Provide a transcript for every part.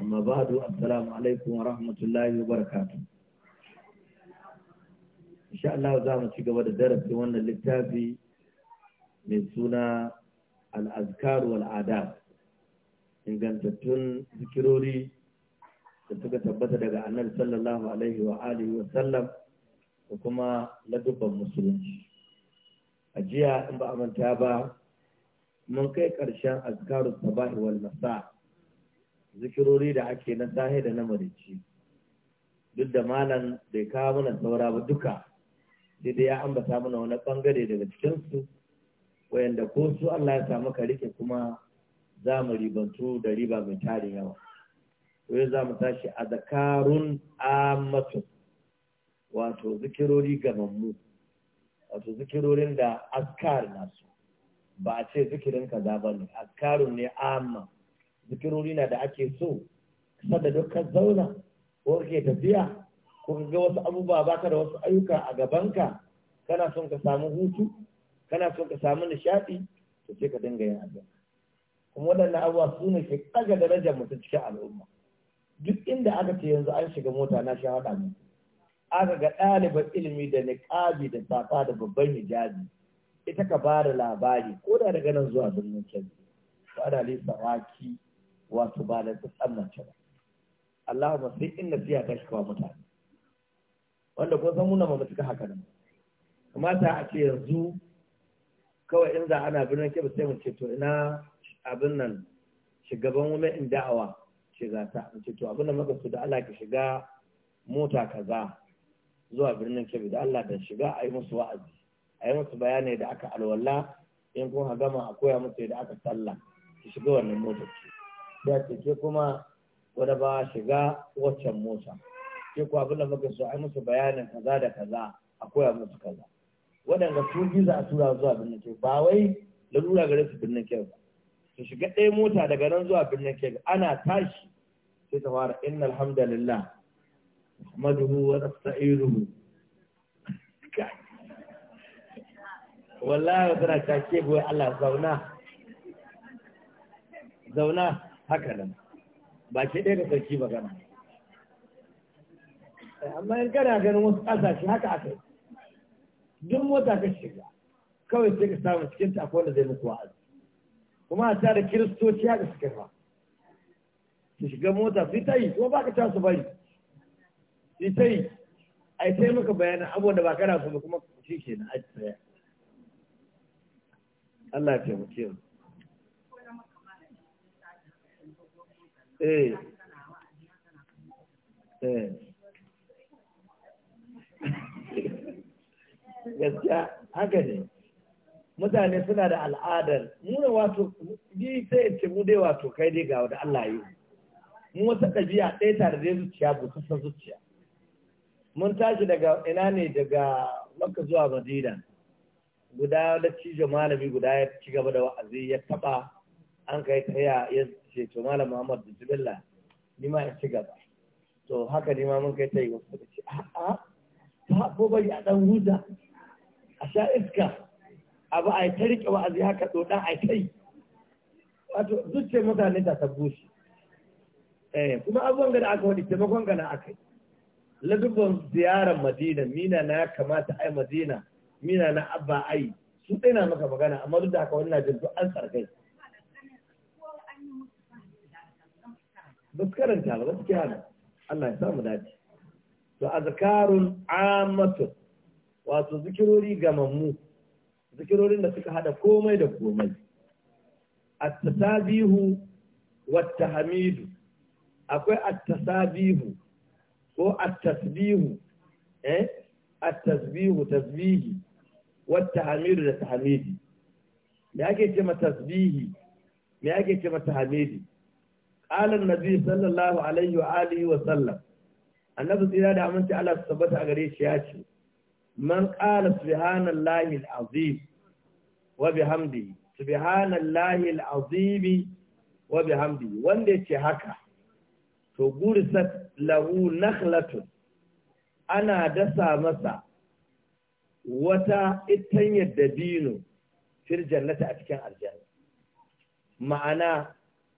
amma ba ba'du assalamu alaikum wa rahmatullahi wa barakatu insha Allah za mu ci gaba da darasi wannan littafi mai suna al-azkar ingantattun zikirori da suka tabbata daga annabi sallallahu alaihi wa alihi wa sallam da kuma ladubban musulunci a jiya in ba a manta ba mun kai ƙarshen azkarus sabahi wal masa zikirori da ake na sahi da na marici duk da malam bai kawo mana saura ba duka sai dai ya ambata mana wani bangare daga cikinsu wayanda ko su Allah ya samu ka rike kuma za mu ribantu da riba mai tari yawa to yau za mu tashi a zakarun amatu wato zikirori gamammu wato zikirorin da askar nasu ba a ce zikirin kaza ba ne askarun ne amma zikirori na da ake so sanda duk zauna ko kake tafiya ko ka wasu abubuwa baka da wasu ayyuka a gabanka kana son ka samu hutu kana son ka samu nishaɗi to sai ka dinga yin addu'a kuma waɗannan abubuwa su ne ke ɗaga darajar mutum cikin al'umma duk inda aka ce yanzu an shiga mota na sha hada mu aka ga ɗaliban ilimi da niƙabi da safa da babban hijabi ita ka ba da labari ko da daga nan zuwa birnin kebbi ba da lisa waki wato ba da tsammance ba Allahumma sai in siya ta shi kawo mutane wanda ko san muna ba mu haka nan kamata a ce yanzu kawai in za ana birnin kebe sai mu ce to ina abin nan shugaban wani in da'awa ce za ta mu ce to abin da muka da Allah ki shiga mota kaza zuwa birnin kebe da Allah da shiga ayi musu wa'azi a yi musu bayani da aka alwala in kun gama a koya musu da aka sallah ki shiga wannan motar ce. da ce kuma wadda ba shiga waccan mota ke ku abin da muka so a musu bayanin kaza da kaza a koya musu kaza waɗanda su giza a tura zuwa birnin ke ba wai lalura gare su birnin ke ba su shiga ɗaya mota daga nan zuwa birnin ke ana tashi sai ta fara inna alhamdulillah Muhammadu wa nasta'inuhu wallahi tana take boye Allah zauna zauna haka nan ba ke ɗaya ga sarki ba gana amma in gana ganin wasu ƙasashe haka aka yi duk mota ka shiga kawai sai ka samu cikin ta wanda zai muku wa'azi kuma a tsara kiristoci haka suka fa su shiga mota su ta yi kuma ba ka ta su bari su ta yi a yi ta yi maka bayanin abubuwan da ba kana su kuma shi ke na aji Allah ya taimake mu. eh, eh. gaskiya haka ne mutane suna da al'adar muna wato bi sai ce mu dai wato kai dai ga wadda Allah yi mu wata ɗabi'a ɗaya tare da zuciya san zuciya mun tashi daga ina ne daga maka zuwa madina guda da cijo malami guda ya ci gaba da wa'azi ya taɓa an kai ta ya ce to malam Muhammad bismillah ni ma in ci gaba to haka ni ma mun kai ta yi wasu da ce a'a ta ko bai a dan huta a sha iska abu a ta rike wa'azi haka to dan a kai wato zuce mutane ta tabbushi eh kuma abubuwan da aka wadi taimakon gana aka yi ladubban ziyarar madina mina na ya kamata ai madina mina na abba ai su ɗaya na maka magana amma duk da haka wani na jin an tsarkai ba su karanta ba su kira Allah ya samu dace to azkarun amatu wato zikirori gamammu zikirorin da suka hada komai da komai at-tasabihu wat-tahmidu akwai at-tasabihu ko at-tasbihu eh at-tasbihu tasbihi wat-tahmidu da tahmidi me ake ce ma tasbihi me ake ce ma tahmidi qalan nabi sallallahu alaihi wa alihi wa sallam annabi tsira da aminci Allah su tabbata a gare shi ya ce man qala subhanallahi alazim wa bihamdihi subhanallahi alazim wa bihamdihi wanda yace haka to gurisat lahu nakhlatun ana dasa masa wata yadda dabino fil jannati a cikin aljanna ma'ana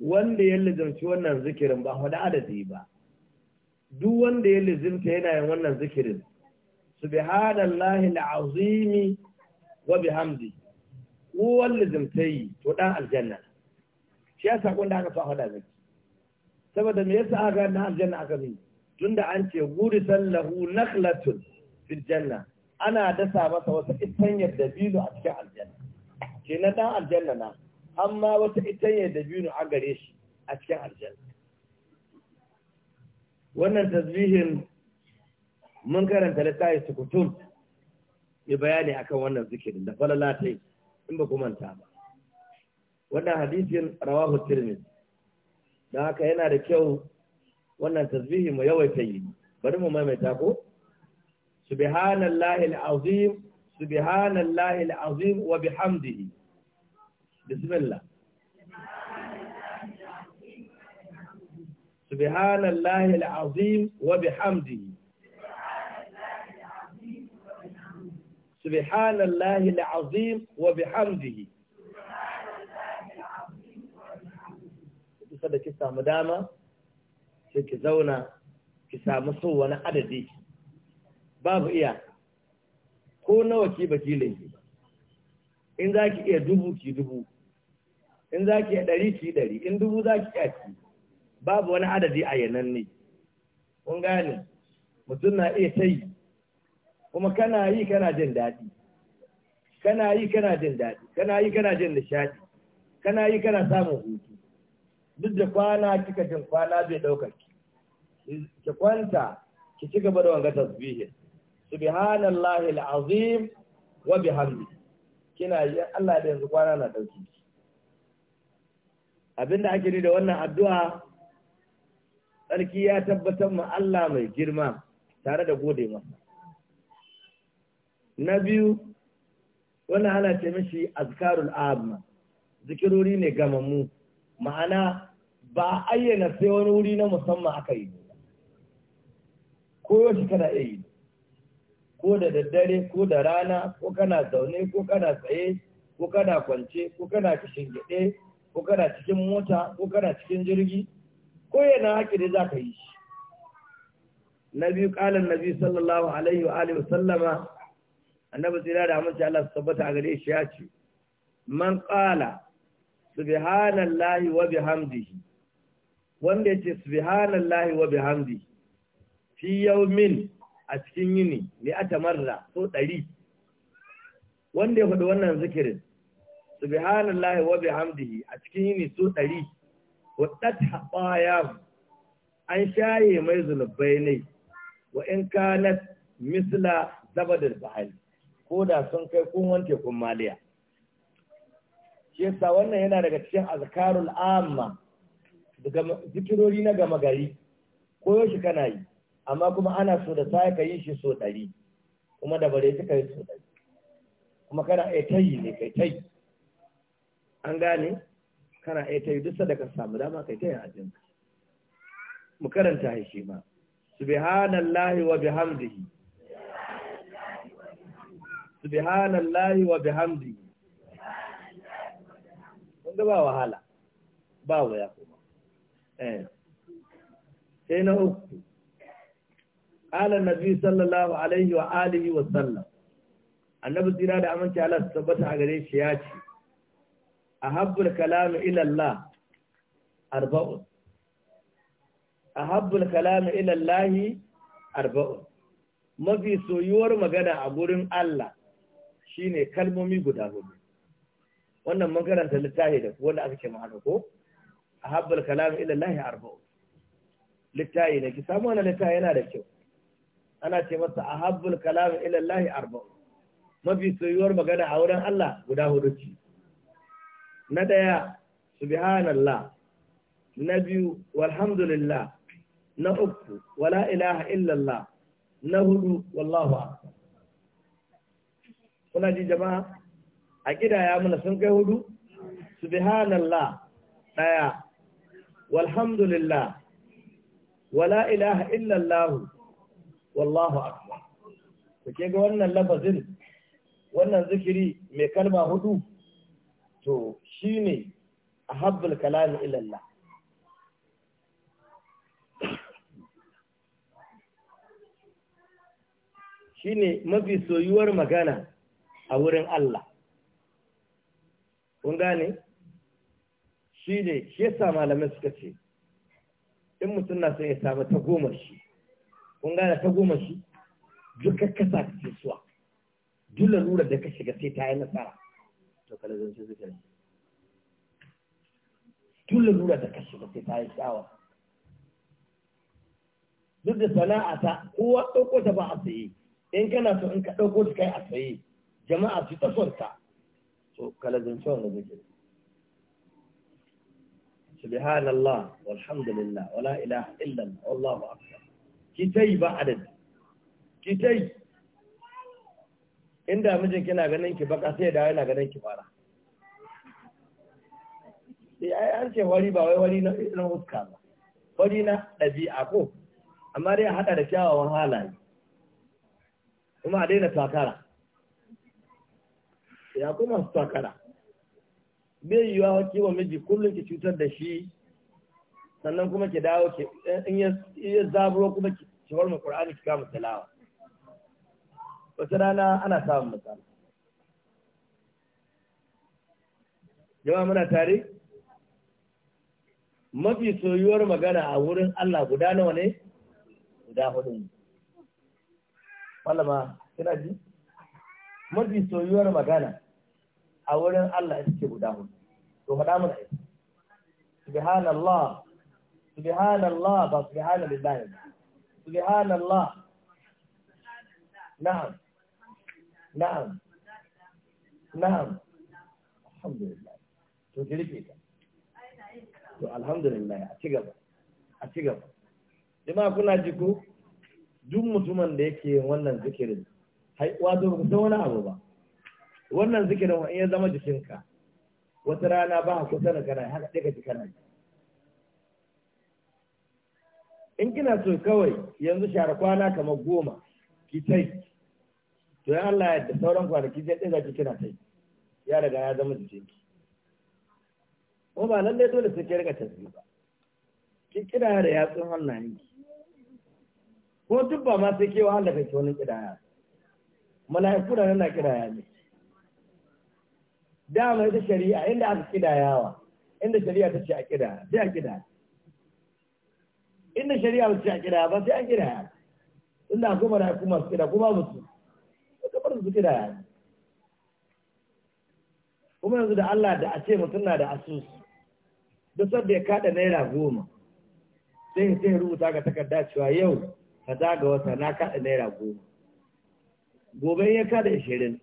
wanda ya lizimci wannan zikirin ba faɗi adadi ba duk wanda ya lizimta yana yin wannan zikirin subhanallahi alazimi wa bihamdi lizimta yi to dan aljanna shi ya saƙon da aka fa faɗa zaki saboda me yasa aka na aljanna aka bi tunda an ce guri sallahu nakhlatun fi janna ana dasa masa wasu itanyar dabino a cikin aljanna na dan aljanna na amma wata ita ne da biyu a gare shi a cikin aljanna wannan tasbihin mun karanta littafi sukutun mai bayani akan wannan zikirin da falalatai in ba manta ba wannan hadisin rawahu tirmidhi da haka yana da kyau wannan tasbihi mu yawaita yi bari mu maimaita ko subhanallahi alazim subhanallahi alazim wa bihamdihi bismillah subhanallahi alazim wa bihamdihi subhanallahi alazim wa bihamdihi kada ki samu dama sai ki zauna ki samu so wani adadi babu iya ko nawa ki baki laifi in za ki iya dubu ki dubu in za ki ɗari ki ɗari in dubu za ki ki babu wani adadi a yanan ne kun gane mutum na iya ta yi kuma kana yi kana jin daɗi kana yi kana jin daɗi kana yi kana jin nishaɗi kana yi kana samun hutu duk da kwana kika jin kwana bai ɗaukar ki ki kwanta ki ci gaba da wanga tasbihin subhanallahi alazim wa bihamdi kina Allah da yanzu kwana na dauki abinda ake ni da wannan addu'a tsarki ya tabbatar ma Allah mai girma tare da gode masa na biyu wannan ana ce mishi azkarul amma zikirori ne ga gamammu ma'ana ba a ayyana sai wani wuri na musamman aka yi ko yaushe kana yi ko da daddare ko da rana ko kana zaune ko kana tsaye ko kana kwance ko kana kishin gyaɗe ko kana cikin mota ko kana cikin jirgi ko yana haƙi da za ka yi shi nabi biyu nabi sallallahu alaihi wa alihi sallama annabi sai da amince Allah su tabbata a gare shi ya ce man ƙala subhanallahi wa bihamdihi wanda ya ce subhanallahi wa bihamdihi fi yawmin a cikin yini ne a tamarra so ɗari wanda ya faɗi wannan zikirin subhanallahi wa bihamdihi a cikin yini su ɗari wadat haɓaya an shaye mai zunubai ne wa in kanat misla zabadar bahari ko da sun kai kun wanke kun maliya shi yasa wannan yana daga cikin azkarul amma daga zikirori na gama gari ko yaushe kana yi amma kuma ana so da sai ka yi shi so ɗari kuma da bare ka yi so ɗari kuma kana ai tayi ne kai tayi an gane kana iya ta yi duk sadaka samu dama kai ta yin hajjin mu karanta shi ma subhanallahi wa bihamdihi subhanallahi wa bihamdihi mun ga ba wahala ba waya kuma eh sai na uku qala nabi sallallahu alaihi wa alihi wa sallam annabi tsira da amince Allah tabbata a gare shi ya ce ahabbul kalamu ilallah arba'un ahabbul kalamu mafi soyuwar magana a gurin Allah shine kalmomi guda hudu wannan mun karanta littafi da wanda aka ce haka ko ahabbul kalamu ilallahi arba'un littafi ne ki samu wannan littafi yana da kyau ana ce masa ahabbul kalamu ilallahi arba'un mafi soyuwar magana a wurin Allah guda hudu ce na ɗaya subhanallah na biyu walhamdulillah na uku wala ilaha illallah na hudu wallahu akbar kuna ji jama'a a kidaya mana sun kai hudu subhanallah ɗaya walhamdulillah wala ilaha illallah wallahu akbar kuke ga wannan lafazin wannan zikiri mai kalma hudu to shi ne a habbal kalami ilallah shi ne mafi soyuwar magana a wurin Allah kun gane shi ne shi yasa malamai suka ce in mutum na sai ya samu ta goma shi kun gane ta shi duka kasa ce suwa duk lura da ka shiga sai ta yi nasara kalazanci suke ne tun da kashe ba sai ta yi sha'awa duk da sana'a ta kowa ɗauko ta ba a saye in kana so in ka ɗauko ta kai a saye jama'a su ta son ta to kalazanci wanda zai سبحان الله والحمد لله ولا إله إلا الله والله أكبر ki ta yi. inda mijin kina ganin ki baka sai da yana ganin ki fara sai ai an ce wari ba wai wari na irin huska ba wari na ɗabi'a ko amma dai haɗa da kyawawan halaye kuma a daina takara ya kuma su takara bai yiwa wa miji kullum ki cutar da shi sannan kuma ki dawo ki in ya zaburo kuma ki warma Kur'ani ki kama salawa. wata rana ana samun misali. Yawa muna tare mafi soyuwar magana a wurin Allah guda nawa ne guda hudu ne malama kina ji mafi soyuwar magana a wurin Allah ita ce guda hudu to faɗa mana ita subhanallah subhanallah ba subhanallah subhanallah na'am na'am na'am alhamdulillah to ki rufe ta to alhamdulillah a ci gaba a ci gaba jama'a kuna ji ko duk mutumin da yake wannan zikirin wato ba san wani abu ba wannan zikirin wa iya zama jikinka wata rana ba kusa da kana haka ɗaga ji kana in kina so kawai yanzu share kwana kamar goma ki tai to ya Allah ya da sauran kwanaki sai ɗin zaki kina sai ya riga ya zama jikin ki. ko ba lallai dole sai ki riga tasbih ba ki kira da yatsun hannayenki ko duk ba ma sai ke wa Allah kai wani kidaya mala'iku da nan na kidaya ne dama ita shari'a inda aka kidayawa inda shari'a ta ce a kidaya sai a kidaya inda shari'a ta ce a kidaya ba sai a kidaya inda akwai mala'iku masu kida kuma musu sutura kuma yanzu da Allah da a ce mutum na da asusu duk sadda ya kada naira goma sai sai rubuta ga takarda cewa yau kaza ga wata na kada naira goma gobe ya kada ishirin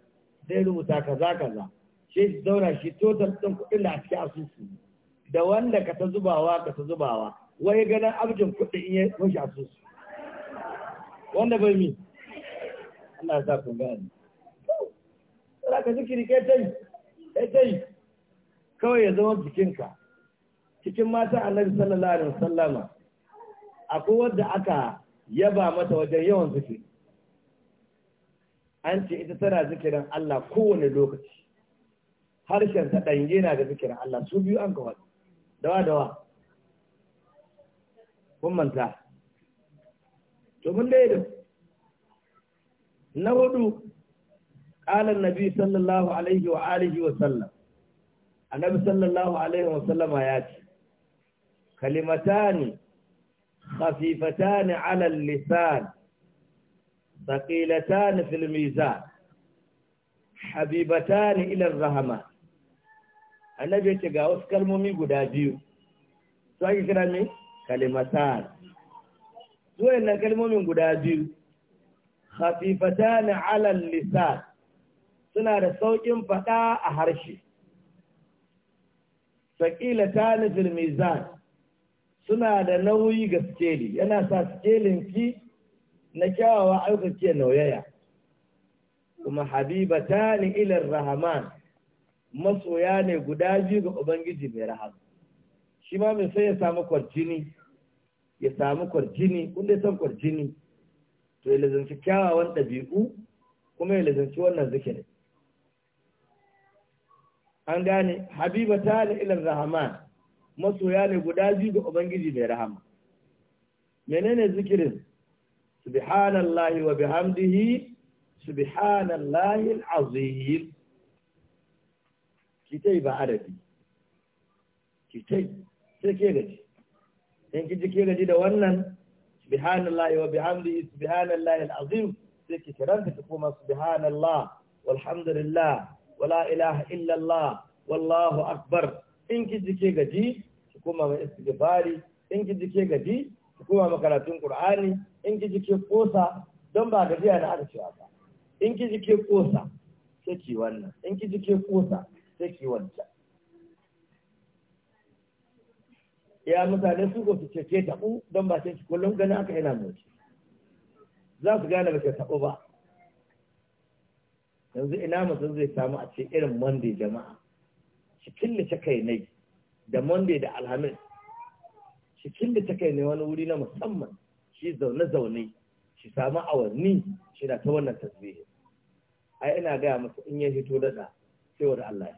sai rubuta kaza kaza sai shi zauna shi total ɗin kuɗin da a cikin asusu da wanda ka ta zubawa ka ta zubawa wai ganin abjin kuɗi in ya kunshi asusu wanda bai mi Allah ya sa kun gani za ka zikiri kai tai yi tai kawai ya zama jikinka cikin mata annabi sallallahu alaihi wasallama akwai wadda aka yaba mata wajen yawan zikiri an ce ita tana zikirin Allah kowane lokaci harshen ta ɗanye na da zikirin Allah su biyu an kawai dawa dawa kun manta to mun dai na hudu ƙalar nabi sallallahu alaihi wa alihi wa sallam annabi sallallahu alaihi wa sallama ya ce kalimatani khafifatani ala lisan thaqilatani fil mizan habibatani ila rahama annabi ya ce ga wasu kalmomi guda biyu su ake kira kalmomin guda biyu lisan suna da sauƙin faɗa a harshe. Saƙila ta nufin mizan suna da nauyi ga sikeli, yana sa sikelin ki na kyawawa aikace nauyaya. Kuma habiba ta ni ilar rahaman masoya ne guda biyu ga Ubangiji mai rahama. Shi ma mai sai ya samu kwarjini, ya samu kwarjini, kun san kwarjini, to ya lazanci kyawawan ɗabi'u kuma ya lazanci wannan zikirin. an gane habiba ta da ilar rahaman masoya ne guda biyu ga ubangiji mai rahama menene zikirin subhanallahi wa bihamdihi subhanallahi alazim kitai ba arabi kitai sai ke gaji in ki ke gaji da wannan subhanallahi wa bihamdihi subhanallahi alazim sai ki karanta ki koma subhanallah walhamdulillah wala ilaha illallah wallahu akbar in ki jike gaji ki koma mai istighfari in ki jike gaji ki koma makaratun qur'ani in ki jike kosa don ba gajiya na aka cewa ba in ki jike kosa sai ki wannan in ki jike kosa sai ki wancan ya mutane su ko su cece tabu don ba sai ki kullum ganin aka ina motsi za su gane ba ke tabu ba yanzu ina mutum zai samu a ce irin monday jama'a shi ta kai ne da monday da alhamis shi ta kai ne wani wuri na musamman shi zaune-zaune shi samu awanni shi na ta wannan tasbihin ai ina gaya masa in ya hito daɗa cewar Allah ya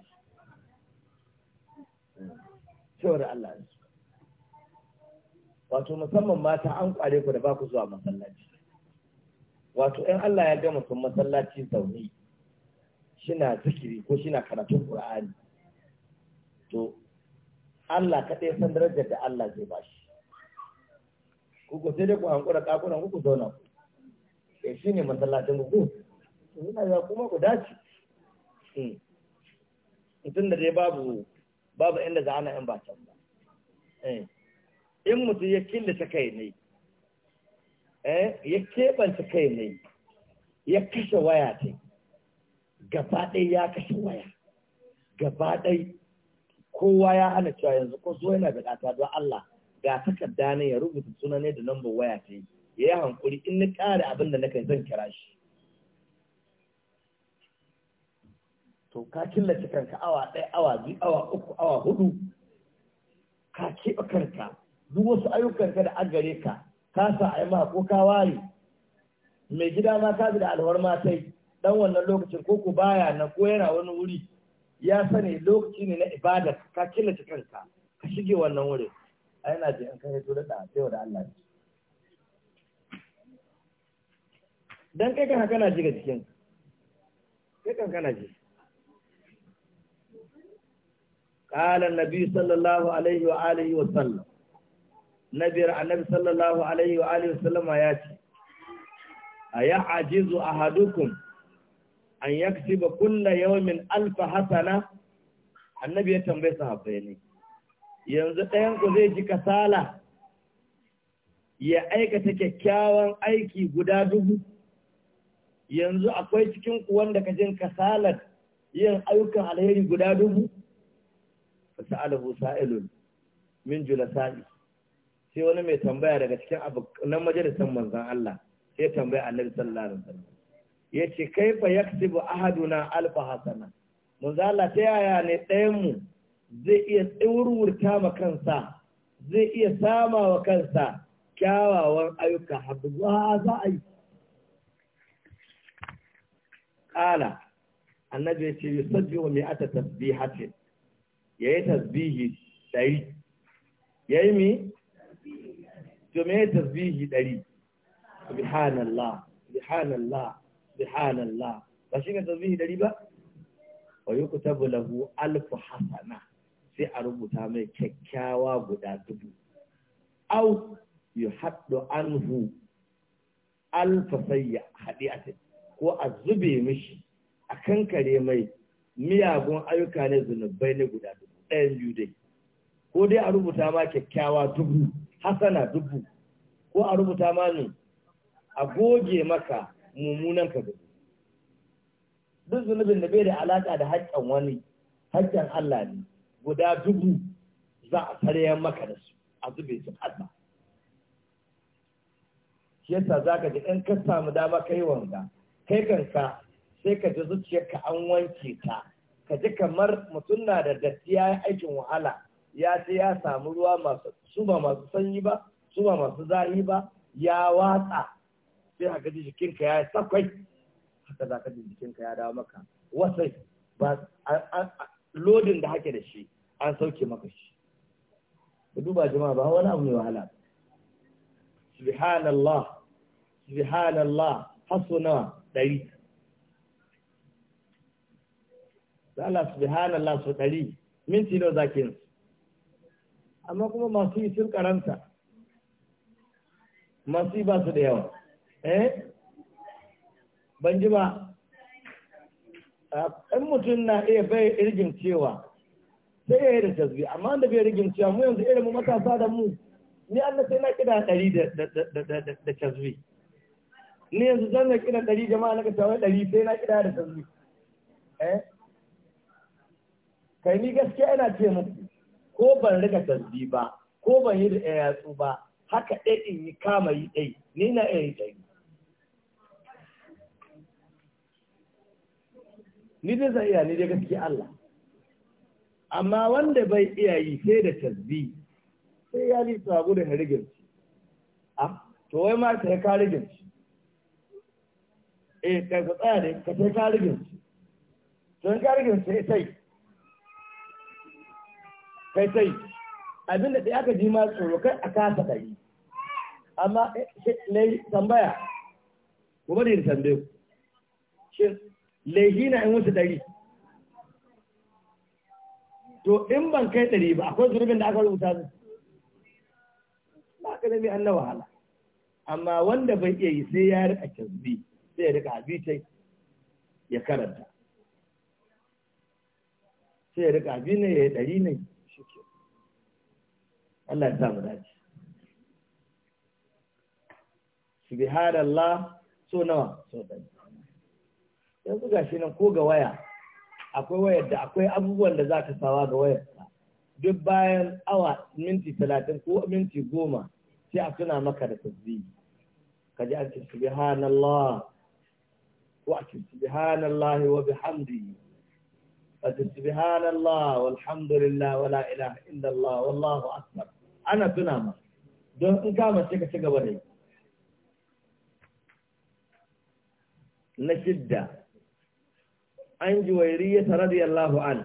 cewar Allah wato musamman mata an kware ku da ba ku zuwa masallaci wato in Allah ya gama sun masallaci zaune shina zikiri ko shina karatun ƙura'ani to Allah kaɗai san darajar da Allah zai ba shi ku sai dai ku hankura ƙakunan ku zauna ku eh, shi shine masallacin ku Suna ya kuma ku dace hmm. mutum da dai babu babu inda za ana yan ba ba eh. in mutum ya ta kai ne eh, ya keɓanta kai ne ya kashe waya ta gaba ɗaya ya kashe waya gaba ɗaya kowa ya hana cewa yanzu ko zo yana bukata don Allah ga takarda ne ya rubuta suna ne da lambar waya ta yi ya yi hankuri in na ƙara abin da na kai zan kira shi to ka killace kanka awa ɗaya awa biyu awa uku awa hudu ka keɓe kanka duk wasu ayyukanka da an gare ka ka sa a yi ma ko ka ware mai gida ma ka bi da alwar matai dan wannan lokacin ko ku baya na ko yana wani wuri ya sani lokaci ne na ibada ka killace kanka ka shige wannan wurin a yana ji an kai to da sai da Allah ne dan kai kan kana ji ga cikin kai kan kana ji قال النبي صلى الله عليه وآله وسلم نبي النبي صلى الله عليه وآله وسلم ياتي أيعجز أحدكم an ba kulla yawamin alfa hasana annabi ya tambaye sahabbai ne yanzu ɗayan ku zai ji kasala ya aikata kyakkyawan aiki guda dubu yanzu akwai cikin ku wanda ka jin kasalar yin ayyukan alheri guda dubu alabu sa'ilun min jula sai wani mai tambaya daga cikin abu na majalisar manzan Allah sai tambaya annabi sallallahu alaihi wasallam ya ce kai fa yaktibu ahaduna alfa hasana muzala ta yaya ne ɗayanmu zai iya tsawurwurta ma kansa zai iya sama wa kansa kyawawan ayyuka haɗu za a yi ƙala annabi ya ce yi sabbi wa mi'ata tasbihatin ya yi tasbihi ɗari ya yi mi? to me ya tasbihi ɗari subhanallah subhanallah subhanallah ba shi ne tasbihi dari ba wa yuktabu lahu alf hasana sai a rubuta mai kyakkyawa guda dubu au yuhaddu anhu alf sayya hadi'atin ko a zube mishi a kankare mai miyagun ayyuka ne zunubai ne guda dubu ɗayan biyu dai ko dai a rubuta ma kyakkyawa dubu hasana dubu ko a rubuta ma ne a goge maka mummunan ka gani duk zunubin da bai da alaka da haƙƙin wani haƙƙin Allah ne guda dubu za a sarayar maka da su a zube su Allah shi yasa za ka ji in ka samu dama kai wanga kai kanka sai ka ji zuciyar ka an wanke ta ka ji kamar mutum na da datti ya yi aikin wahala ya ce ya samu ruwa masu su ba masu sanyi ba su ba masu zahi ba ya watsa sai a gaji jikinka ya sakwai haka za ka ji jikinka ya dawo maka wasai ba lodin da hake da shi an sauke maka shi ka duba jama'a ba wani abu mai wahala subhanallah subhanallah hasuna dari da Allah subhanallah su dari minti nawa zaki amma kuma masu yi sun karanta masu yi ba su da yawa Eh? ban ji ba ɗan ah, mutum na iya bai irgin cewa sai ya yi da tasbi amma da bai rigin cewa mu yanzu irin mu matasa da mu ni an sai na kira ɗari da tasbi ni yanzu zan na kira ɗari jama'a na ka tawai ɗari sai na kira da tasbi eh kai ni gaskiya ina ce muku ko ban riga tasbi ba ko ban yi da yatsu ba haka ɗai in yi kama yi ɗai ni na iya yi ɗai ni dai zai iya ni dai gaskiya Allah amma wanda bai iya yi sai da tasbi sai ya li sabu da shi a ah, to wai ma sai ka shi eh kai ka tsaya ne ka sai ka shi to ka rigirci sai sai kai sai abinda da aka ji ma tsoro kai a kasa dai amma eh, ne tambaya bari da tambaye ku shin laifi na in wasu ɗari to in ban kai ɗari ba akwai zunubin da aka rubuta su ba ka zami an na wahala amma wanda bai iya yi sai ya rika kyazbi sai ya rika abitai ya karanta sai ya rika abi ne ya yi ɗari ne shi ke Allah ya samu dace subhanallah so nawa so ɗari yanzu ga shi nan ko ga waya akwai wayar da akwai abubuwan da za ka sawa ga wayar duk bayan awa minti talatin ko minti goma sai a tuna maka da tasbihi ka ji ake ce subhanallah wa ce subhanallah wa bihamdihi wa ce subhanallah walhamdulillah wa la ilaha illallah wallahu akbar ana tuna ma don in kama sai ka ci gaba da yi na shidda an juwairiya radiyallahu an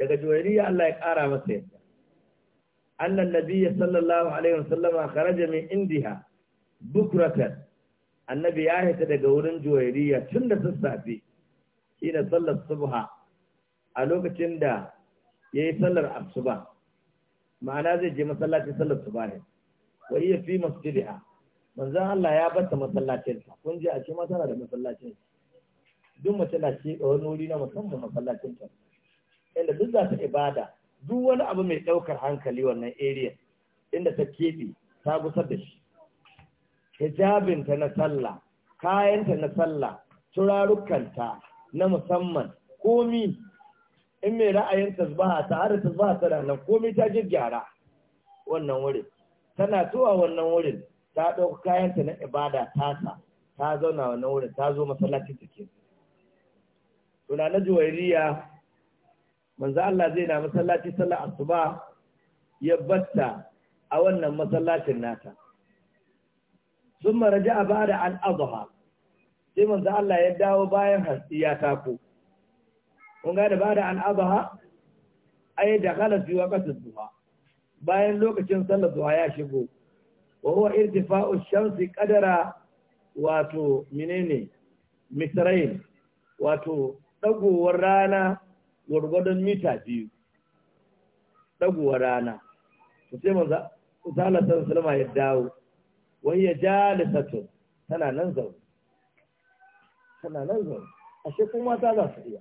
daga juwairiya Allah ya kara masa yadda annan nabiyya sallallahu alaihi sallama, kharaja min indiha bukratan annabi ya haita daga wurin juwairiya tun da sassafe shine sallar subha a lokacin da yayi sallar asuba ma'ana zai je masallaci sallar subha ne wa iya fi masjidiha manzon Allah ya bata masallacinsa kun ji a ce masana da masallacinsa duk mace na ce da wani wuri na musamman masallacin ta inda duk za ta ibada duk wani abu mai ɗaukar hankali wannan area inda ta keɓe ta gusar da shi hijabinta na sallah kayanta na sallah turarukanta na musamman komi in mai ra'ayin tasbaha ta har tasbaha ta nan komi ta gyara wannan wurin tana zuwa wannan wurin ta ɗauka kayanta na ibada tasa ta zauna wannan wurin ta zo masallacin take tuna na juwairiya manzo Allah zai na masallaci sallar asuba ya batta a wannan masallacin nata sun maraja a bada al-adha sai manzo Allah ya dawo bayan hasti ya tako kun gane bada al-adha ay da fi waqti duha bayan lokacin sallar duha ya shigo wa huwa irtifa'u shamsi qadara wato menene misrain wato ɗagowar rana gwargwadon mita biyu ɗagowar rana su sai maza zalatar salama ya dawo Wani ya ja lissatun tana nan zaune tana nan zaune ashe kuma mata za su iya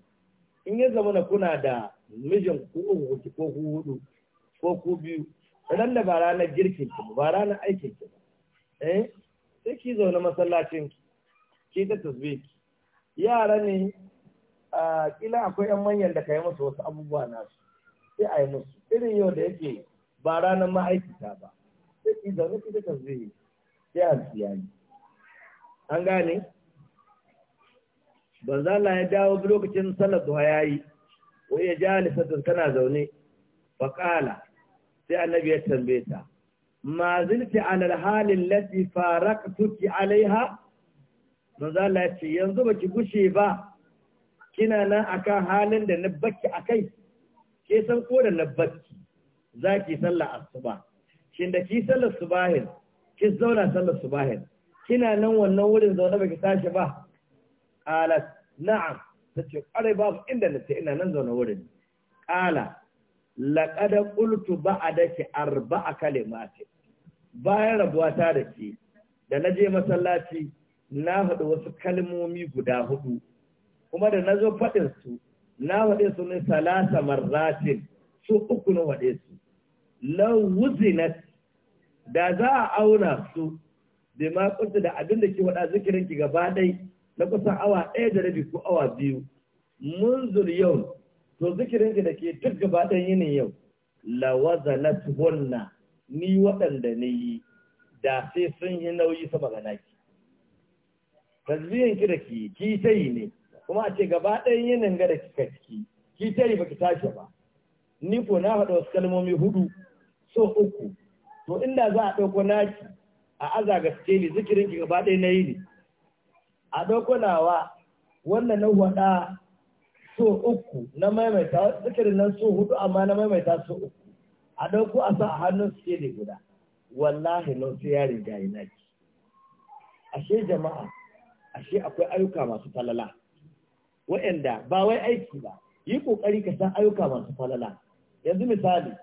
in ya zama na kuna da mijin ku ko ku hudu ko ku biyu ɗan da ba ranar girkin ki ba ranar aikin ki ba eh sai ki zaune masallacin ki ki ta tasbih yara ne kila akwai yan manyan da ka yi wasu abubuwa nasu sai a yi musu irin yau da yake ba ranar ma'aikata ba sai ki zaune ki duka zai sai a siya ni an gane banzala ya dawo lokacin sallar duha yayi wai ya ja lissatin kana zaune bakala sai annabi ya tambaye ta ma zilti alal halin lati faraqtuki alaiha manzo ya ce yanzu baki gushe ba kina nan akan halin da na baki a kai ke san ko da na baki za ki sallah asuba shin da ki sallar subahin ki zauna sallar subahin kina nan wannan wurin zaune baki tashi ba qalat na'am tace kwarai babu inda na ce ina nan zaune wurin qala laqad qultu ba'daki arba'a kalimati bayan rabuwa ta da ke da naje masallaci na faɗi wasu kalmomi guda huɗu. kuma da na zo faɗin su na waɗe su ne salasa marratin su uku na waɗe su lawuzinat da za a auna su da ma kunta da abin da ke waɗa zikirin ki gaba ɗai na kusan awa ɗaya da rabi ko awa biyu zuri yau to zikirin ki da ke duk gaba yinin yau lawazanat hunna ni waɗanda na yi da sai sun yi nauyi sama ga naki tasbihin ki da ki ki ta yi ne kuma a ce gaba ɗayan yanayin gada kika ciki ki tare baki tashi ba ni ko na faɗa wasu kalmomi hudu so uku to inda za a ɗauko naki a aza ga steli zikirin ki gaba ɗaya na yi ne a ɗauko nawa wannan na waɗa so uku na maimaita zikirin nan so hudu amma na maimaita so uku a ɗauko a sa a hannun steli guda wallahi nan sai ya riga yi naki ashe jama'a ashe akwai ayyuka masu falala waɗanda ba wai aiki ba yi ƙoƙari ka san ayyuka masu falala yanzu misali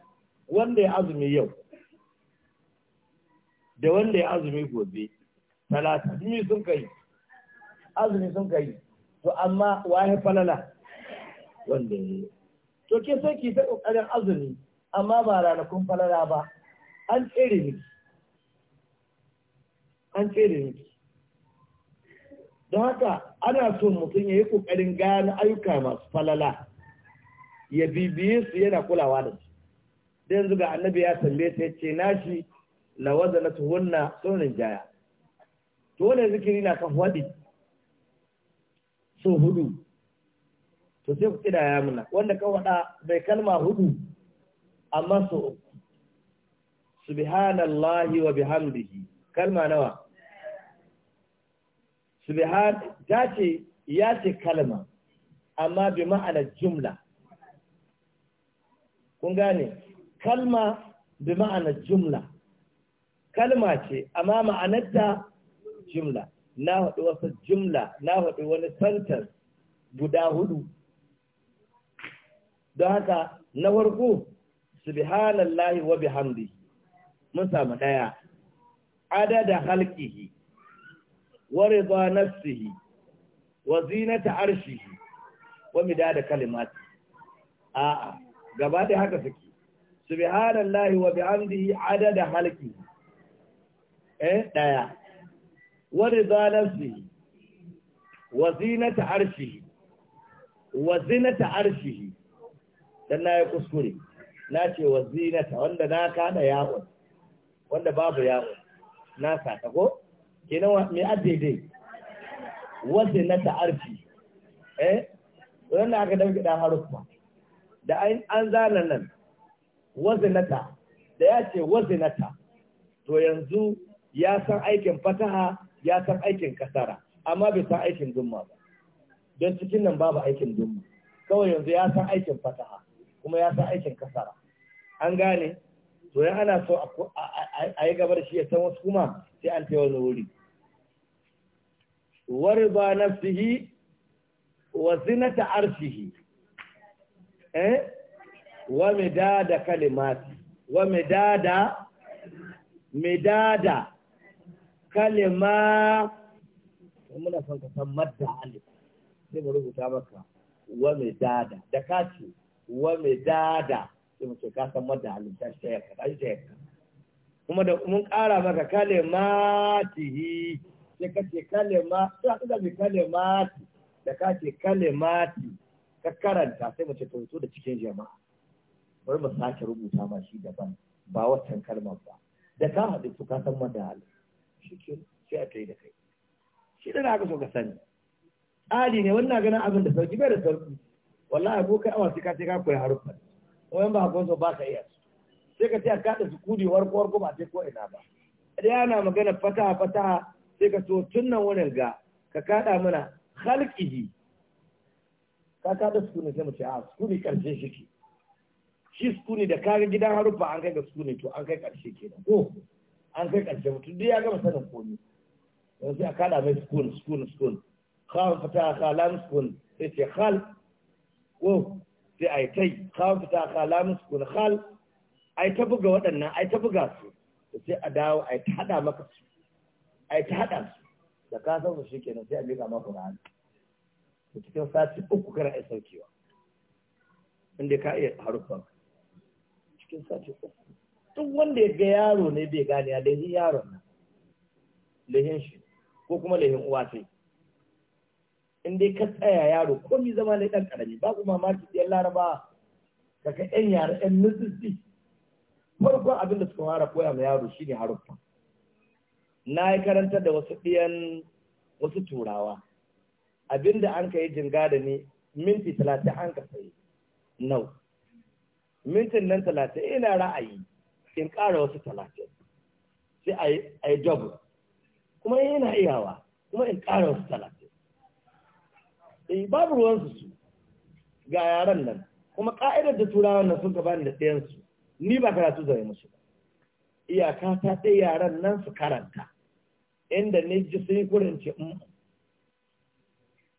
wanda ya azumi yau da wanda ya azumi gobe talata azumi sun kai azumi sun kai to amma waye falala wanda ya yi to ke sai ki ta ƙoƙarin azumi amma ba ranakun falala ba an tsere miki an tsere miki don haka ana so mutum ya yi ƙoƙarin gane ayyuka masu falala ya bibiye su yana kulawa da su da yanzu ga annabi ya tambaye ta yace nashi wadda na tuhunna sunan jaya to wannan zikiri na kan wadi so hudu to sai ku kidaya muna wanda ka wada bai kalma hudu amma so subhanallahi wa bihamdihi kalma nawa subhan ta ce ya ce kalma amma bi ma'ana jumla kun gane kalma bi ma'ana jumla kalma ce amma ma'anarta jumla na haɗu wasu jumla na haɗu wani santar guda hudu don haka na farko subhanallahi wa bihamdi mun samu ɗaya adada halƙihi. ورضا نفسه وزينة عرشه ومداد كلماته آه gaba da haka suke subhanallahi wa bihamdihi adada halki eh daya wa ridha nafsihi wa zinata arshihi wa zinata arshihi na yi kuskure na ce wa zinata wanda na kada yawon wanda babu yawon na sata ko kenan me addaidai wasu na ta'arfi eh wannan aka dauke da harufa da an zana nan wasu na ta da ya ce wasu na ta to yanzu ya san aikin fataha ya san aikin kasara amma bai san aikin dumma ba don cikin nan babu aikin dumma kawai yanzu ya san aikin fataha kuma ya san aikin kasara an gane to ya ana so a yi gabar shi ya san wasu kuma sai an taiwa wuri warba nafsihi wa zinata arshihi eh wa midada kalimati wa kalima muna son ka san madda sai mu rubuta maka wa midada da ka ce wa midada sai mu ce ka san madda alif ta shayar ka ta shayar ka kuma da mun ƙara maka kalimatihi sai ka ce kalima sai a tsaga kalimati da ka ce kalimati ka karanta sai mace ta fito da cikin jama'a bari mu sake rubuta ma shi daban ba waccan kalmar ba da ka haɗu su ka san mada hali shi ke sai a kai da kai shi da aka so ka sani tsari ne wannan ganin abin da sauki bai da sauki wallahi abokai awa sai ka sai ka koyi haruffan Wani ba hakon so ba ka iya su sai ka sai a kaɗa su kudi warko warko ba sai ko ina ba da na magana fata-fata. sai ka so tun nan wani ga ka kada mana halkihi ka kada ne sai mu ce a ah, ne karshe shi ke shi ne da kaga gidan haruffa an kai ga ne to an kai karshe da ko an kai karshe mutum duk ya gama sanin komi. yanzu sai a kada mai ne sukun fita a kala khalam ne sai ce hal. ko sai ai tai kala fata ne hal a ai ta buga waɗannan ai ta buga su sai a dawo yi ta haɗa maka su a ta haɗa su da ka san su shi kenan sai a miƙa maka Qur'ani to cikin sati uku kana iya saukewa inda ka iya haruffan cikin sati uku duk wanda ya ga yaro ne bai gane ya lehin yaron nan lehin shi ko kuma lehin uwa sai in dai ka tsaya yaro ko mi zama ne ɗan ƙarami kuma mamaki ɗiyan laraba ka ka ƴan yara ƴan nutsitsi farkon abin da suka fara koya ma yaro shine haruffan. na yi karantar da wasu ɗiyan wasu turawa abinda an ka yi jinga da ni minti talatin an ka sai nau mintin nan talatin ina ra'ayi in ƙara wasu talatin sai a yi double kuma ina iyawa kuma in ƙara wasu talatin eh babu ruwansu su ga yaran nan kuma ƙa'idar da turawan nan sun bani da ɗayansu ni ba karatu zai musu iyaka ta ɗaya yaran nan su karanta inda ne ji sun yi kurin ce mm.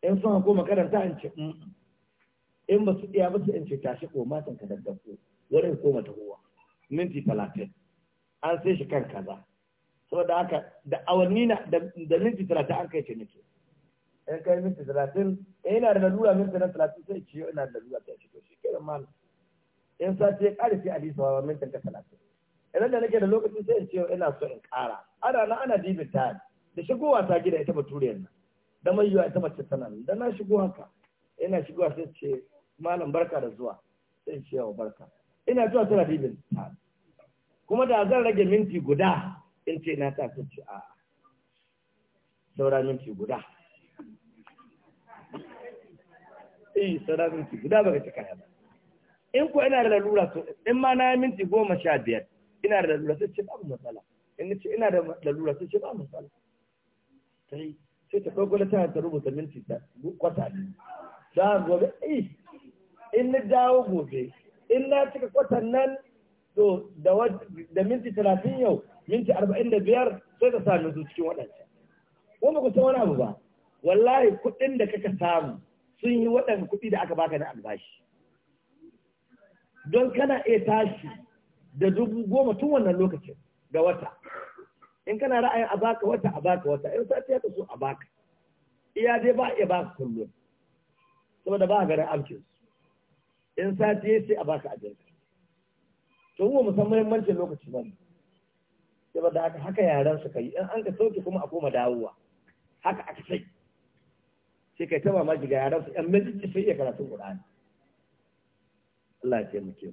in sun hako makaranta in ce mm. in ba su iya basu in ce tashi ko matan ka daddafo wurin koma ta huwa minti talatin an sai shi kan kaza saboda haka da awanni na da minti talatin an kai ce nake in kai minti talatin eh ina da lura minti na talatin sai ciyo ina da lura ta shi to shi kenan ma in sa ce ƙarfi a lisa wa minti ka talatin idan da nake da lokacin sai in ce ina so in kara ana na ana dibin ta da shigowa ta gida ita baturiyar nan da mai yiwa ita mace tana da na shigo haka ina shigowa sai ce malam barka da zuwa sai ce wa barka ina zuwa tana dibin ta kuma da zan rage minti guda in ce na ta sai ce a saura minti guda eh saura minti guda baka kaya ba in ko ina da lalura to in ma na minti goma sha biyar ina da lalura sai ce mu matsala in ce ina da lalura sai ce mu matsala sai sai ta ɗauko littafin ta rubuta minti ta kwata ne da gobe eh in na dawo gobe in na cika kwatan nan to da minti talatin yau minti arba'in da biyar sai ta sami su cikin waɗancan ko ba ku san wani abu ba wallahi kuɗin da kaka samu sun yi waɗanda kuɗi da aka baka na albashi don kana iya tashi da dubu goma tun wannan lokacin ga wata in kana ra'ayin a baka wata a baka wata in sati ya so a baka iya dai ba iya baka kullum saboda ba garin amcin su in sati ya ce a baka a jirka to mu musamman muhimmancin lokaci ba saboda haka haka yaran suka yi in an ka sauke kuma a koma dawowa haka aka sai sai kai ta mamaki ga yaran su yan mijin sai iya karatun Qur'ani Allah ya taimake mu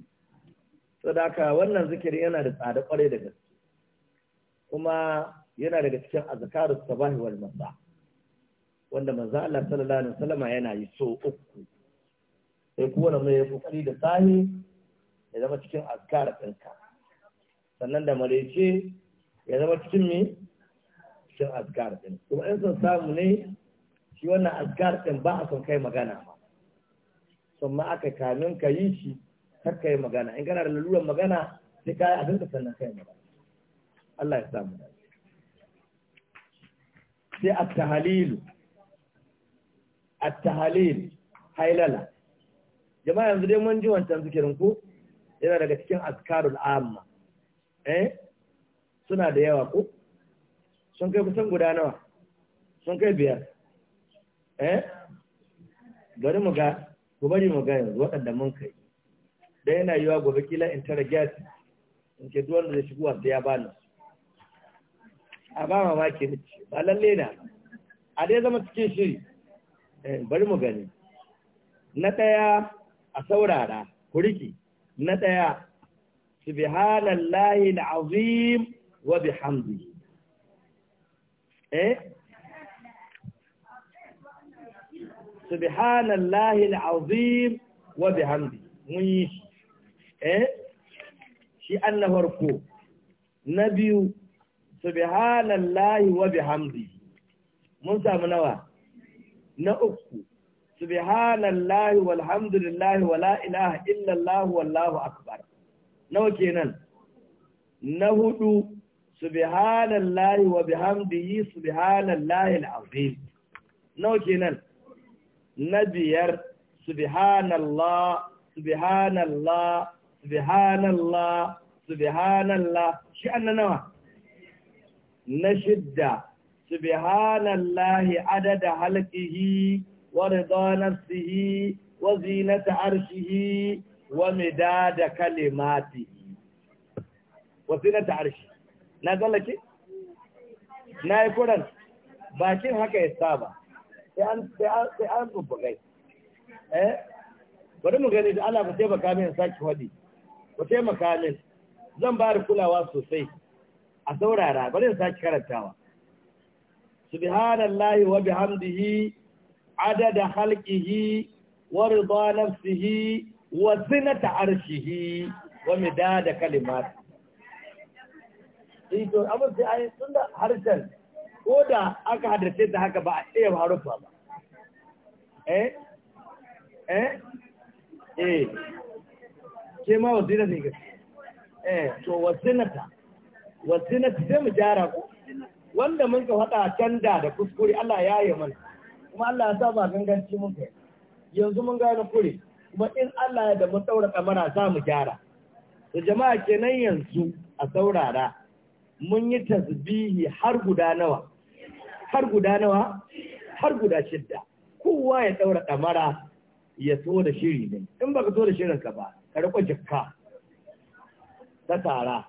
Sadaka wannan zikiri yana da tsada kwarai da gaske. Kuma yana daga cikin azkarus sabahi wal masa. Wanda manzo Allah sallallahu alaihi wasallam yana yi so uku. Sai kowane mai ya kokari da sahi ya zama cikin azkar ɗinka. Sannan da marece ya zama cikin me? Cikin azkar ɗin. Kuma in sun samu ne shi wannan azkar ɗin ba a son kai magana ba. ma aka kamin ka yi shi kar ka yi magana in gana da lalurar magana sai ka yi abin da sannan ka yi magana Allah ya samu da sai a tahalilu a tahalil hailala jama'a yanzu dai mun ji wancan zikirin ku yana daga cikin askarul amma eh suna da yawa ko sun kai kusan guda nawa sun kai biyar eh bari mu ga ku bari mu ga yanzu waɗanda mun kai dan yana yiwa gobe kila in tara gas in ce duk wanda zai shigo sai ya bani a ba mamaki ne ba lalle na a dai zama cikin shiri eh, bari mu gani na ɗaya a saurara kuriki na ɗaya subhanallahi alazim wa hamdi eh subhanallahi alazim wa bihamdihi mun yi shi. eh shi an na farko na biyu subhanallahi wa bihamdi mun samu nawa na uku subhanallahi walhamdulillahi wala ilaha illallah wallahu akbar nawa kenan na hudu subhanallahi wa bihamdihi subhanallahi alazim nawa kenan na biyar subhanallah subhanallah subhanallah subhanallah shi an nawa na shidda subhanallah adada halqihi wa rida nafsihi wa zinata arshihi wa midada kalimatihi wa zinata arshi na zallake na yi kuran bakin haka ya saba sai an tsubbagai eh bari mu gani da Allah ku taimaka min saki faɗi ku taimaka min zan ba da kulawa sosai a saurara bari in sake karantawa subhanallahi wa bihamdihi adada khalqihi wa rida nafsihi wa zinata arshihi wa midada kalimati eh, to abin sai ai tunda harshen ko da aka hadace ta haka ba a iya harufa ba eh eh eh ke ma wazina ne gaske eh to wazinata ta sai mu gyara ku wanda mun ka faɗa canda da kuskure Allah ya yi mana kuma Allah ya sa ba ganganci mun kai yanzu mun gane kure kuma in Allah ya da mun ɗaura kamara za mu gyara to jama'a kenan yanzu a saurara mun yi tasbihi har guda nawa har guda nawa har guda shidda kowa ya ɗaura kamara ya so da shiri ne in baka so da shirin ka ba ka riko jikka ta tara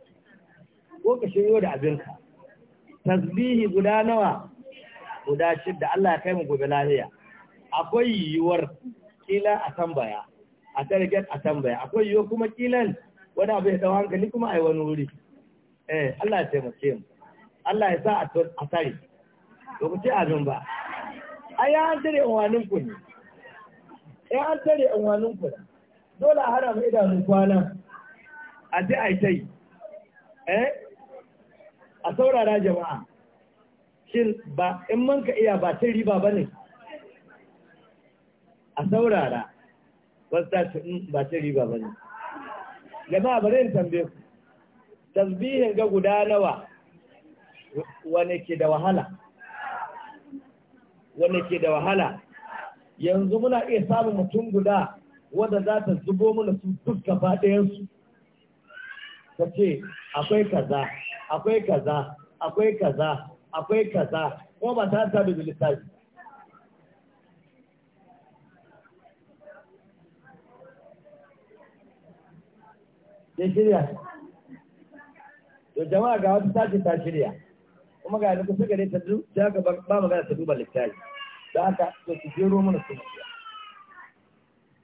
ko ka shiryo da abinka tasbihi guda nawa guda shidda Allah ya kai mu gobe lahiya akwai yiwuwar kila a tambaya a target a tambaya akwai yiwuwar kuma kilan wani abu ya dawo hankali kuma a yi wani wuri eh Allah ya taimake mu Allah ya sa a tare ba ku ce abin ba ai an tare unwanin ku ne ai eh, an tare unwanin ku ne dole a haɗa mu idanun kwana a ji aitai tai eh a saurara jama'a shin ba in manka ka iya ba ta riba ba ne a saurara Ba ta ce mm, riba ba ne jama'a ba zai tambe ku tasbihin ga guda nawa wane ke da wahala wane ke da wahala yanzu muna iya samun mutum guda wadda za ta zubo mana su duk gaba ɗayansu ta ce akwai kaza akwai kaza akwai kaza akwai kaza ko ba ta sa dubi lissafi ya shirya to jama'a ga wata sace ta shirya kuma ga yanzu suka ne ta duk ta ba magana ta duba littafi da aka to su jero mana su mafiya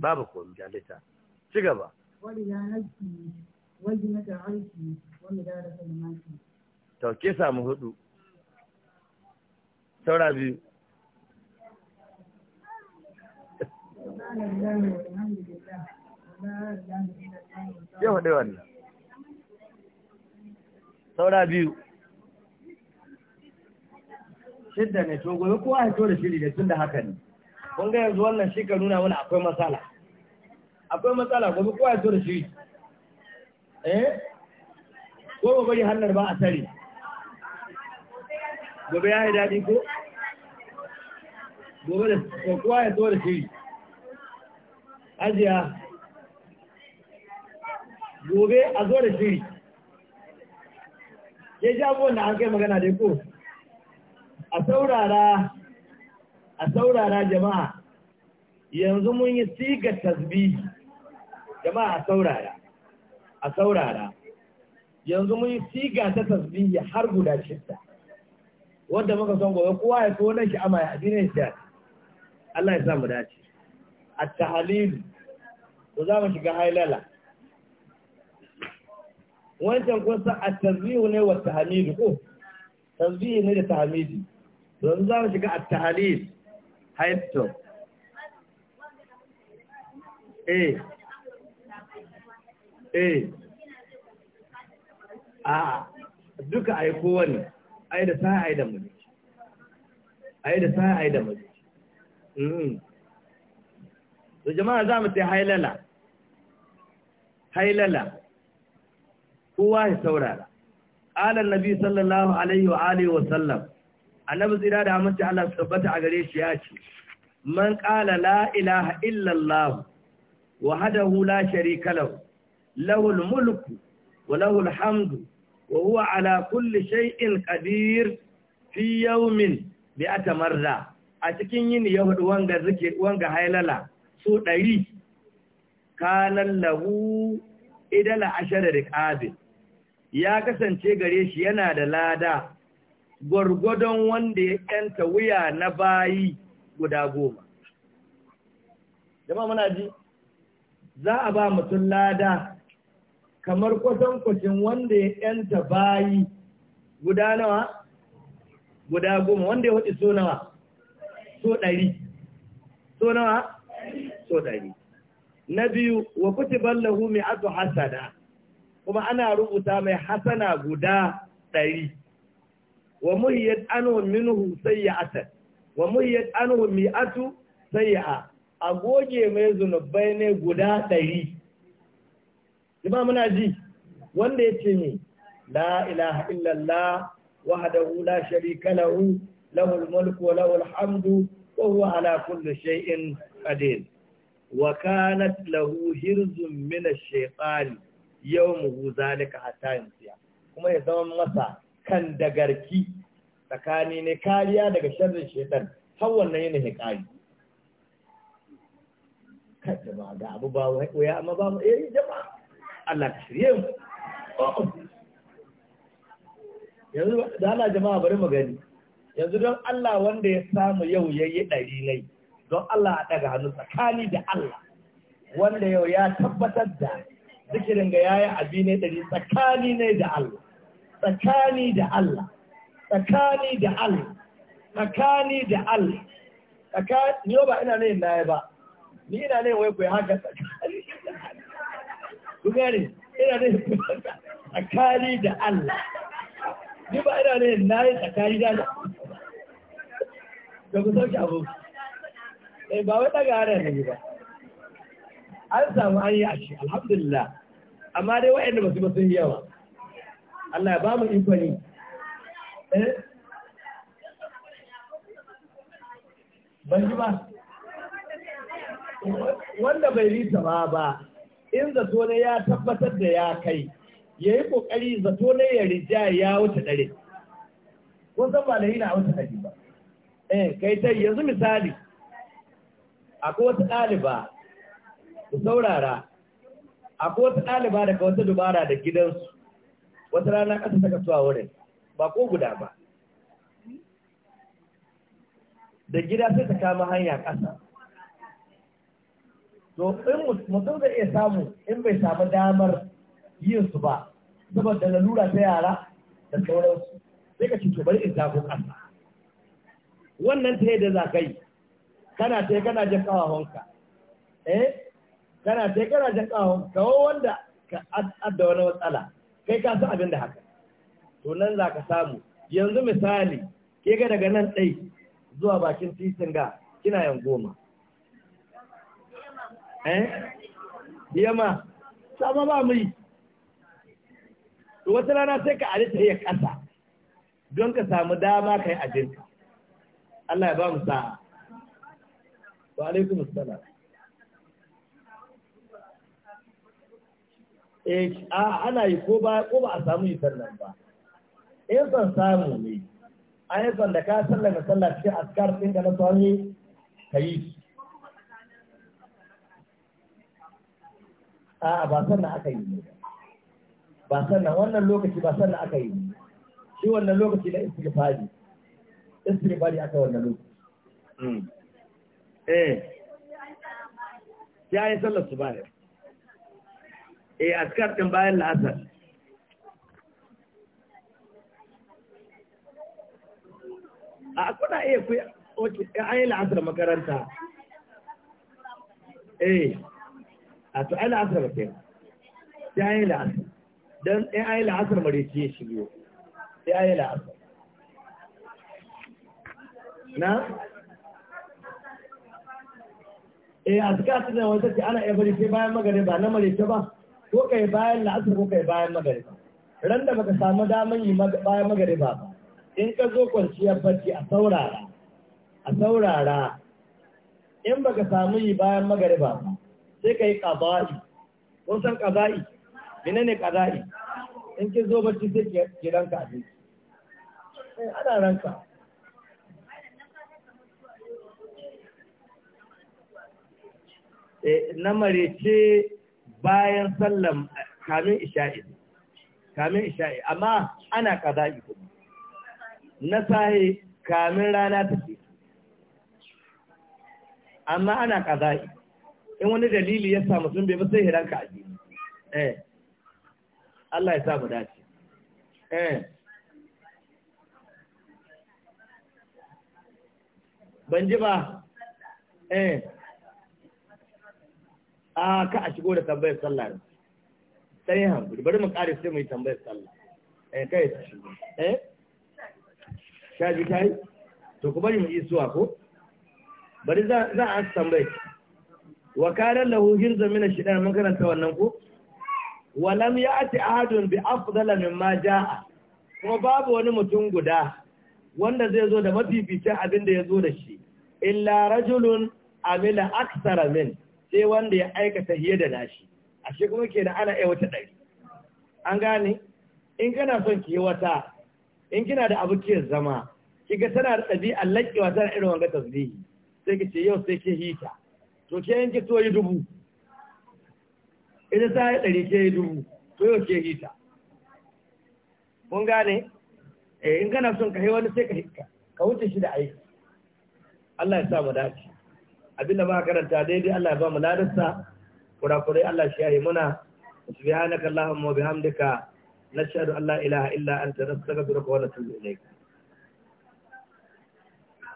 babu komi ga lita ci gaba to ke samu hudu saura biyu ya faɗi wannan saura biyu shidda ne to gobe kowa ya to da shiri da tun da haka ne kun ga yanzu wannan shi ka nuna mana akwai matsala akwai matsala gobe kowa ya tura da shi eh ko ba bari hannar ba a tare gobe ya yi daɗi ko gobe da kowa ya tura da shi ajiya gobe a zo da shiri ya ji abubuwan da an kai magana dai ko a saurara a saurara jama'a yanzu mun yi sigar tasbihi jama'a a saurara a saurara yanzu mun yi siga ta tasbihi har guda shidda wanda muka son gobe kowa ya so nan shi amma ya addinin shi Allah ya sa mu dace at-tahlil to za mu shiga hailala wancan kun san at-tasbihu ne wa tahmidu ko tasbihi ne da tahmidi yanzu za mu shiga at-tahlil haito e e a duka ai kowane ai da sa ai da mulki ai da sa ai da mulki mm mm-hmm. to jama'a za mu sai hailala hailala kowa ya saurara qala nabi sallallahu alaihi wa alihi wa sallam annabi zira da aminci Allah su tabbata a gare shi ya ce man qala la ilaha illa Allah wahdahu la sharika lahu lahul mulku wa lahul hamdu wa huwa ala kulli shay'in qadir fi yawmin bi atamarra a cikin yin ya hudu wanga zuke wanga hailala su 100 kanan lahu idala ashara riqabi ya kasance gare shi yana da lada gwargwadon wanda ya yanta wuya na bayi guda goma. Jama muna ji, za a ba mutum lada kamar kwashin wanda ya yanta bayi guda nawa? Guda goma, wanda ya hudu so nawa? So ɗari. So nawa? So ɗari. Na biyu, wa kuti ballahu mai asu hasada, kuma ana rubuta mai hasana guda ɗari. wa muhiyat anhu minhu sayyi'atan wa muhiyat anhu mi'atu sayyi'a a goge mai zunubai ne guda ɗari Ima muna ji wanda ya ce la ilaha illallah wahdahu la sharika lahu lahul mulku wa lahul hamdu wa huwa ala kulli shay'in qadir wa kanat lahu hirzun min ash-shaytan yawmuhu zalika hatta yansiya kuma ya zama masa kan dagarki tsakani ne kariya daga sharrin shaitan har wannan yana hikari kada jama'a ga abu ba waya amma ba mu eh jama'a Allah ka shirye mu yanzu da Allah jama'a bari mu gani yanzu don Allah wanda ya samu yau yayi ɗari nai don Allah a daga hannu tsakani da Allah wanda yau ya tabbatar da zikirin ga yayi abi ne dari tsakani ne da Allah tsakani da Allah tsakani da Allah tsakani da Allah tsakani ni ba ina ne na ba ni ina ne wai ku haka tsakani ku gane ina ne tsakani da Allah ni ba ina ne na yi tsakani da Allah da ku sauke abu eh ba wai daga hana ne ba an samu an yi a alhamdulillah amma dai wa'anda ba su ba sun yawa Allah ya ba mu imfani. eh ban ji ba wanda bai rita ba ba in zato ne ya tabbatar da ya kai ya yi kokari zato ne ya rija ya wuce dare ko san ba da yi na wuce dare ba eh kai ta yanzu misali akwai wata ɗaliba ku saurara akwai wata ɗaliba daga wata dubara da gidansu wata rana ƙasa ta kasuwa wurin ba ko guda ba da gida sai ta kama hanya ƙasa to in mutum zai iya samu in bai samu damar yin su ba saboda lalura ta yara da sauransu sai ka ce bari in zago ƙasa wannan ta yadda za ka yi kana ta kana jin ƙawahonka eh kana ta yi kana jin ƙawahonka kawo wanda ka adda wani matsala kai ka san abin da haka to nan za ka samu yanzu misali ke ga daga nan ɗai zuwa bakin titin ga kina yan goma eh yamma. sama ba mu yi to wata rana sai ka alita iya ƙasa don ka samu dama ka yi ajinka Allah ya ba mu sa'a wa alaikum assalam eh ana yi ko ba ko ba a samu yi sallan ba in eh, san samu ne ai eh, san da ka sallan sallama sallah cikin askar din da na ka yi. a ba san na aka yi ba san na wannan lokaci ba san na aka yi shi wannan lokaci na istighfari istighfari aka wannan lokaci hmm. eh ya yi sallar su ba ne eh askar din bayan la'asar a kuna iya ku ayi eh, la'asar makaranta eh a to ayi la'asar ba ke yi ayi la'asar don ya ayi la'asar mareci ya shigo ya ayi la'asar na eh a suka su da wata ce ana iya bari sai bayan magana ba na mareci ba ko kai bayan la'asar ko kai bayan magariba ran da baka samu daman yi bayan magariba ba in ka zo kwanciyar bacci a saurara a saurara in baka samu yi bayan magariba ba sai ka yi ƙaba'i ko san ƙaba'i mene ne ƙaba'i in ki zo bacci sai ki ranka Eh ana ranka eh, namare ce. bayan sallan kamin isha'i kamin isha'i amma ana kaza'i kuma na sahi kamin rana ta ce amma ana kaza'i in wani dalili ya samu sun bai ba sai hiranka a jini eh Allah ya samu dace eh ban ji ba eh a ka a shigo da tambayar sallah ne sai hankali bari mu kare sai mu yi tambayar sallah eh kai ta shigo eh sha ji ta yi to ku bari mu yi suwa ko bari za a tambayar wa kana lahu hirza min ash mun karanta wannan ko wa lam ya'ti ahadun bi afdala ma jaa kuma babu wani mutum guda wanda zai zo da mafificin abin da ya zo da shi illa rajulun amila aksara min sai wanda ya aikata hiye da nashi ashe kuma ke da ana aiwata ɗari an gane in kana son ki yi wata in kina da abokiyar zama ga tana da ɗabi'a laƙewa tana irin wanga tasbihi sai ki ce yau sai ke hita to ke yin ki yi dubu idan ta yi ɗari ke yi dubu to yau ke hita kun gane eh, in kana son ka yi wani sai ka wuce shi da aiki Allah ya sa mu dace abinda ba karanta daidai Allah ya ba mu ladarsa kurakurai Allah shi yayi muna subhanaka allahumma wa bihamdika nashhadu an la ilaha illa anta nastaghfiruka wa natubu ilayka